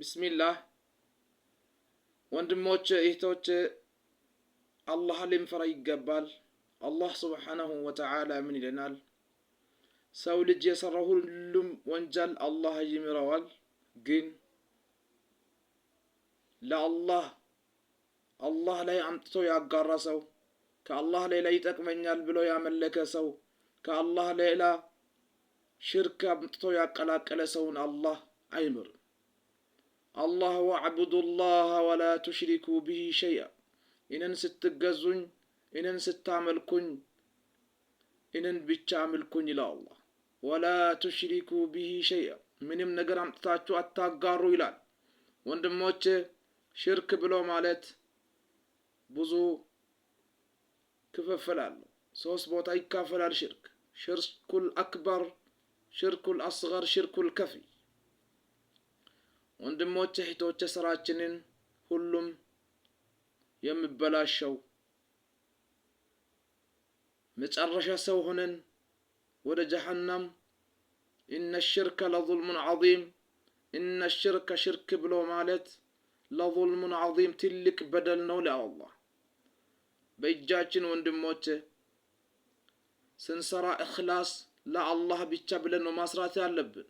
ቢስሚላህ ወንድሞች እህቶች፣ አላህ ልንፈራ ይገባል። አላህ ስብሓናሁ ወተዓላ ምን ይለናል? ሰው ልጅ የሰራ ሁሉም ወንጀል አላህ ይምረዋል። ግን ለአላህ አላህ ላይ አምጥቶ ያጋራ ሰው፣ ከአላህ ሌላ ይጠቅመኛል ብሎ ያመለከ ሰው፣ ከአላህ ሌላ ሽርክ አምጥቶ ያቀላቀለ ሰውን አላህ አይምርም። አላህ ወዕቡዱላህ ወላ ቱሽሪኩ ብሂ ሸይአ እኔን ስትገዙኝ፣ እኔን ስታመልኩኝ፣ እኔን ብቻ አምልኩኝ ይላል አላህ። ወላ ቱሽሪኩ ብሂ ሸይአ ምንም ነገር አምጥታችሁ አታጋሩ ይላል። ወንድሞች ሽርክ ብሎ ማለት ብዙ ክፍፍል አለው። ሶስት ቦታ ይካፈላል ሽርክ ሽርኩል አክበር፣ ሽርኩል አስገር፣ ሽርኩል ከፊ ወንድሞች እህቶች፣ ስራችንን ሁሉም የሚበላሸው መጨረሻ ሰው ሆነን ወደ ጀሀነም እነ ሽርከ ለዙልሙን ዐዚም ኢነ ሽርከ ሽርክ ብሎ ማለት ለዙልሙን ዐዚም ትልቅ በደል ነው። ለአላህ በእጃችን ወንድሞች ስንሰራ እኽላስ ለአላህ ብቻ ብለን ነው ማስራት ያለብን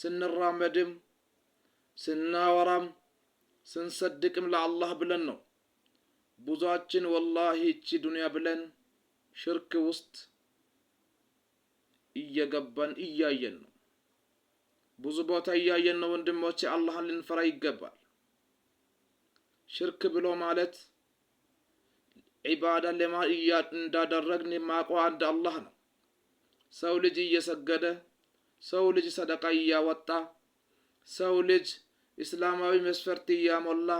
ስንራመድም ስናወራም ስንሰድቅም ለአላህ ብለን ነው። ብዙአችን ወላሂ እቺ ዱንያ ብለን ሽርክ ውስጥ እየገባን እያየን ነው። ብዙ ቦታ እያየን ነው ወንድሞቼ፣ አላህን ልንፈራ ይገባል። ሽርክ ብሎ ማለት ዒባዳ ለማ እንዳደረግን ማቆ አንድ አላህ ነው። ሰው ልጅ እየሰገደ ሰው ልጅ ሰደቃ እያወጣ ሰው ልጅ እስላማዊ መስፈርት እያሞላ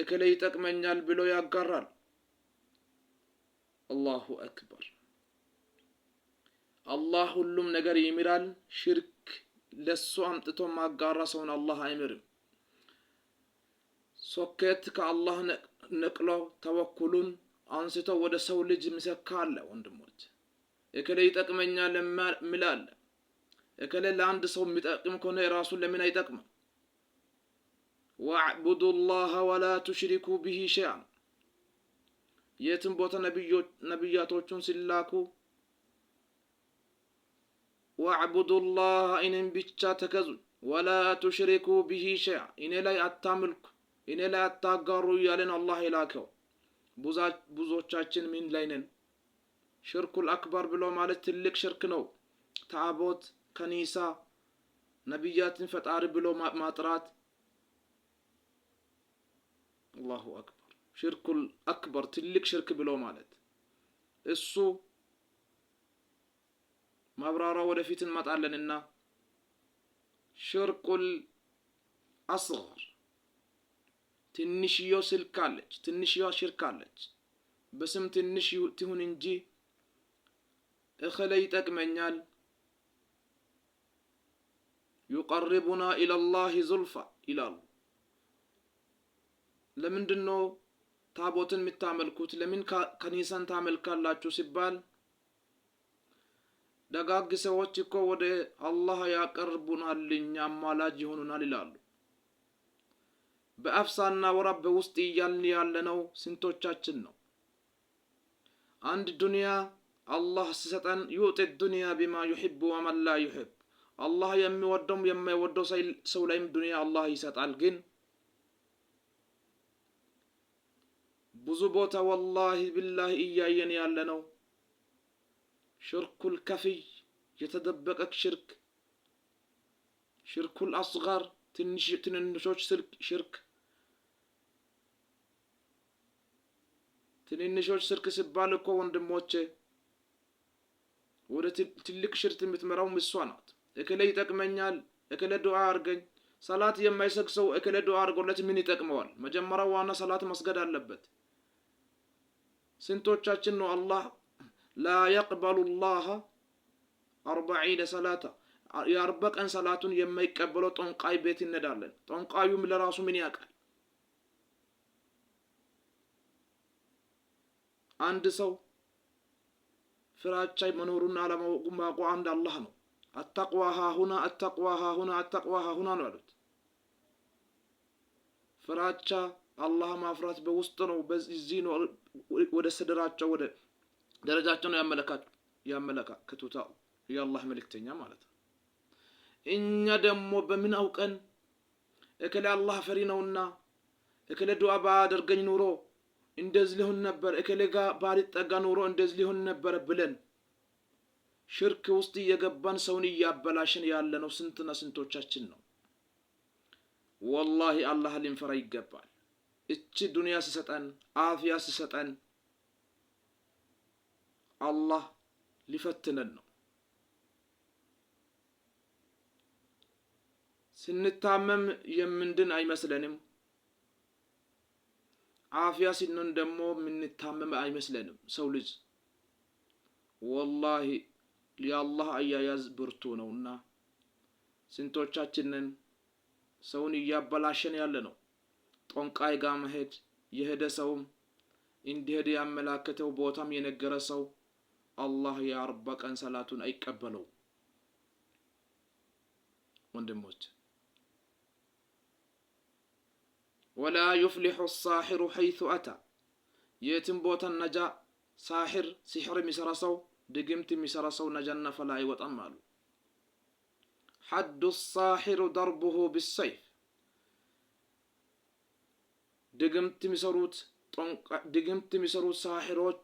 እክለ ይጠቅመኛል ብሎ ያጋራል። አላሁ አክበር። አላህ ሁሉም ነገር ይምራል። ሽርክ ለሱ አምጥቶ ማጋራ ሰውን አላህ አይምርም። ሶኬት ከአላህ ነቅሎ ተወኩሉን አንስቶ ወደ ሰው ልጅ ምሰካ አለ። ወንድሞች እክለ ይጠቅመኛል ምላለ። እከለ ለአንድ ሰው የሚጠቅም ከሆነ ራሱን ለምን አይጠቅም? ወአዕቡዱ ላህ ወላ ቱሽሪኩ ብሂ ሸይአ። የትም ቦታ ነቢያቶቹን ሲላኩ ወአዕቡዱ ላህ እኔን ብቻ ተከዙ ወላ ቱሽሪኩ ብሂ ሸይአ፣ እኔ ላይ አታምልኩ፣ እኔ ላይ አታጋሩ እያለን አላህ የላከው ብዙዎቻችን ምን ላይ ነን? ሽርኩል አክበር ብሎ ማለት ትልቅ ሽርክ ነው። ታቦት ከኒሳ ነቢያትን ፈጣሪ ብሎ ማጥራት አላሁ አክበር ሽርኩል አክበር ትልቅ ሽርክ ብሎ ማለት እሱ ማብራሪያ ወደፊት እንመጣለንና ሽርኩል አስር ትንሽዮ ስልክ አለች፣ ትንሽዮ ሽርክ አለች። በስም ትንሽ ትሁን እንጂ እኸለ ይጠቅመኛል ዩቀርቡና ኢለላሂ ዙልፋ ይላሉ። ለምንድን ነው ታቦትን የምታመልኩት? ለምን ከኒሳን ታመልካላችሁ ሲባል ደጋግ ሰዎች እኮ ወደ አላህ ያቀርቡናል፣ እኛ አማላጅ ይሆኑናል ይላሉ። በአፍሳና ወራብ ውስጥ እያልን ያለነው ስንቶቻችን ነው? አንድ ዱንያ አላህ ሲሰጠን ዩዕጢ ዱንያ ቢማ ዩሕቡ ወመን ላ ዩሕብ አላህ የሚወደውም የማይወደው ሰው ላይም ዱንያ አላህ ይሰጣል። ግን ብዙ ቦታ ወላሂ ቢላሂ እያየን ያለ ነው ሽርኩል ከፊይ የተደበቀ ሽርክ፣ ሽርኩል አስጋር ትንንሾች ሽርክ ትንንሾች ሽርክ ሲባል እኮ ወንድሞቼ ወደ ትልቅ ሽርት የምትመራው እሷ ናት። እክለ ይጠቅመኛል እክለ ዱዓ አርገኝ። ሰላት የማይሰግ ሰው እክለ ዱዓ አርጎለት ምን ይጠቅመዋል? መጀመሪያ ዋና ሰላት መስገድ አለበት። ስንቶቻችን ነው አላህ ላ የቅበሉ ላህ አርባዒነ ሰላታ የአርባ ቀን ሰላቱን የማይቀበለው ጦንቃይ ቤት እንሄዳለን። ጦንቃዩም ለራሱ ምን ያውቃል? አንድ ሰው ፍራቻ መኖሩና አለማወቁ ማወቁ አንድ አላህ ነው። አታቅዋ ሀሁና አታቅዋ ሀሁና አታቅዋ ሀሁና ነው ያሉት። ፍራቻ አላህ ማፍራት በውስጥ ነው። በዚህ ነው ወደ ሰደራቸው ወደ ደረጃቸው ነው ያመለካክቱታ የአላህ መልእክተኛ ማለት ነው። እኛ ደግሞ በምን አውቀን እከሌ አላህ ፈሪ ነውና እከሌ ዱዓ ባደርገኝ ኑሮ እንደዚህ ሊሆን ነበር፣ እከሌ ጋር ባልጠጋ ኑሮ እንደዚህ ሊሆን ነበር ብለን ሽርክ ውስጥ እየገባን ሰውን እያበላሽን ያለነው ስንትና ስንቶቻችን ነው? ወላሂ አላህ ልንፈራ ይገባል። እቺ ዱንያ ስሰጠን አፍያ ስሰጠን አላህ ሊፈትነን ነው። ስንታመም የምንድን አይመስለንም። አፍያ ሲኖን ደግሞ የምንታመም አይመስለንም ሰው ልጅ ወላሂ የአላህ አያያዝ ብርቱ ነውና ስንቶቻችንን ሰውን እያበላሸን ያለ ነው። ጦንቃይ ጋር መሄድ የሄደ ሰውም እንዲሄድ ያመላከተው ቦታም የነገረ ሰው አላህ የአርባ ቀን ሰላቱን አይቀበለው። ወንድሞች ወላ ዩፍሊሑ ሳሒሩ ሐይቱ አታ የትም ቦታ ነጃ ሳሒር ሲሕር የሚሰራ ሰው ድግምት የሚሰራ ሰው ነጀና ፈላ አይወጣም አሉ። ሐዱ ሳሒሩ ደርቡሁ ብሰይፍ ድግምት የሚሰሩት ድግምት የሚሰሩት ሳሒሮች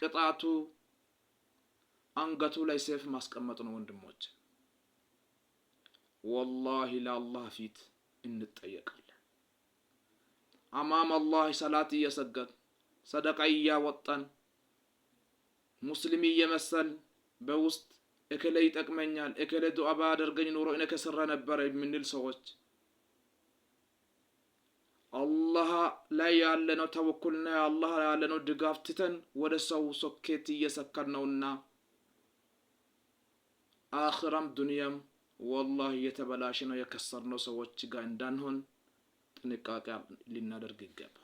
ቅጣቱ አንገቱ ላይ ሰይፍ ማስቀመጥ ነው። ወንድሞች ወላሂ ለአላህ ፊት እንጠየቃለን። አማም አላህ ሰላት እየሰገድ ሰደቃ እያወጣን ሙስሊም እየመሰል በውስጥ እከለ ይጠቅመኛል እከለ ዱዓ ባደርገኝ ኖሮ እኔ ከሰራ ነበር የምንል ሰዎች አላህ ላይ ያለነው ተወኩልና አላህ ላይ ያለነው ድጋፍ ትተን ወደ ሰው ሶኬት እየሰከር ነውና አኽራም ዱንያም ወላህ የተበላሸ ነው የከሰርነው ሰዎች ጋር እንዳንሆን ጥንቃቄ ልናደርግ ይገባል።